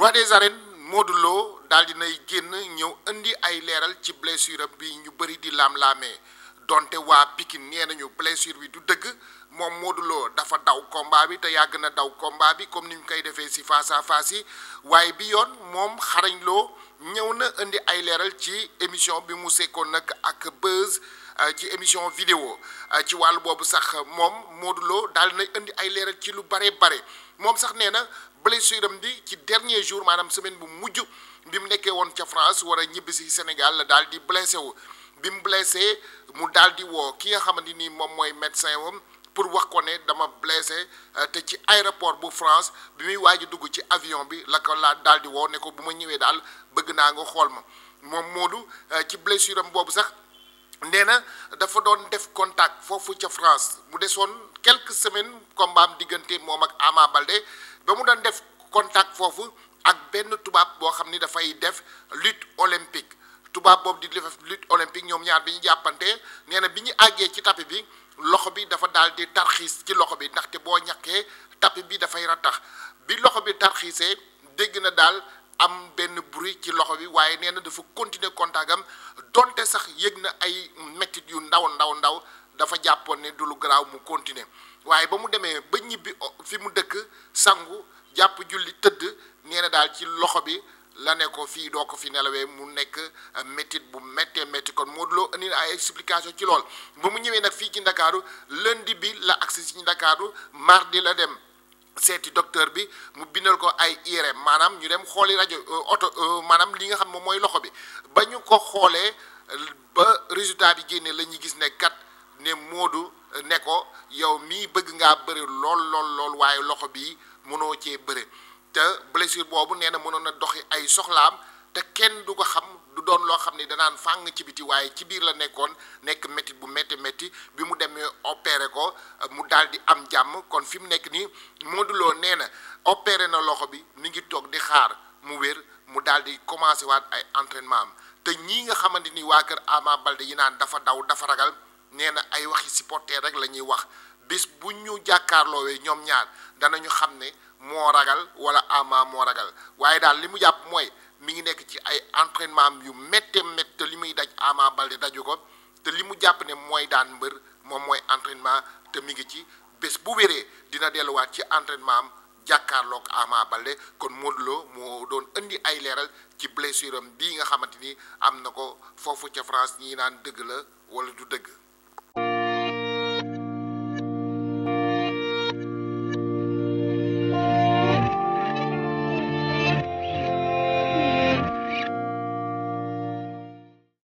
roi des arènes Modou Lo daal di nay génn ñëw indi ay leeral ci blessure am bi ñu bëri di laam laame donte waa Pikine nee nañu blessure bi du dëgg moom Modou dafa daw combat bi te yàgg na daw combat bi comme ni ñu koy defee si face à face yi waaye bi yoon moom xarañ loo ñëw na indi ay leeral ci émission bi mu sekkoon nag ak buzz euh, ci émission vidéo euh, ci wàll boobu sax moom Modou loo daal na indi ay leeral ci lu bare bare moom sax nee na blessure am bi ci dernier jour maanaam semaine bu mujj bi mu nekkee woon ca France war ñibbisi Sénégal la daal di blessé wu bi mu blessé mu daal di woo ki nga xamante ni moom mooy médecin wam pour wax ko ne dama blessé euh, te ci aéroport bu France bi muy waaj a dugg ci avion bi la ko laa daal di woo ne ko bu ma ñëwee daal bëgg naa nga xool ma moom Modou euh, ci blessure am boobu sax nee na dafa doon def contact foofu ca mu desoon quelques semaines combat am diggante moom ak Ama ba mu doon def contact foofu ak benn tubaab boo xam ni dafay def lutte olympique tubaab boobu di def lutte olympique ñoom ñaar bi ñu jàppante nee na bi ñu àggee ci tapis bi. loxo bi dafa daal di tarxiis ci loxo bi ndaxte boo ñàkkee tapis bi dafay rattax bi loxo bi tarxiisee dégg na daal am benn bruit ci loxo bi waaye nee na dafa continuer contact am donte sax yëg na ay mettit yu ndaw ndaw ndaw dafa jàppoon ne du lu garaaw mu continuer waaye ba mu demee ba ñibbi fi mu dëkk sangu jàpp julli tëdd nee na daal ci loxo bi la ne ko fii doo ko fi nelawee mu nekk euh, métit bu méttee métti kon Modou Lo indi ay explication ci lool ba mu ñëwee nag fii ci Ndakaaru lundi bi la agsi ci Ndakaaru mardi la dem seeti docteur bi mu bindal ko ay IRM maanaam ñu dem xooli rajo euh, oto euh, maanaam li nga xam moom mooy loxo bi ba ñu ko xoolee ba résultat bi génne la ñu gis ne kat ne Modou ne ko yow mii bëgg ngaa bëri lool lool lool waaye loxo bi mënoo cee bëri te blessure boobu nee na mënoon a doxi ay soxlaam te kenn du ko xam du doon loo xam ni danaan fàng ci biti waaye ci biir la nekkoon nekk métti bu métti métti bi mu demee opéré ko mu daal di am jàmm kon fi mu nekk nii Modou Lo nee na opéré na loxo bi mi ngi toog di xaar mu wér mu daal di commencé waat ay entraînement am te ñii nga xamante ni waa kër Ama Balde yi naan dafa daw dafa ragal nee na ay waxi supporter rek la ñuy wax bis bu ñu jàkkaarloowee ñoom ñaar danañu xam ne moo ragal wala ama moo ragal waaye daal li mu jàpp mooy mi ngi nekk ci ay entraînement yu métte métte li muy daj ama balde daju ko te li mu jàpp ne mooy daan mbër moom mooy entraînement te mi ngi ci bés bu wéree dina delluwaat ci entraînement jàkkaarlook jàkkaarloog Ama kon Modou Lo moo doon indi ay leeral ci blessure am bii nga xamante ni am na ko foofu ca France ñii naan dëgg la wala du dëgg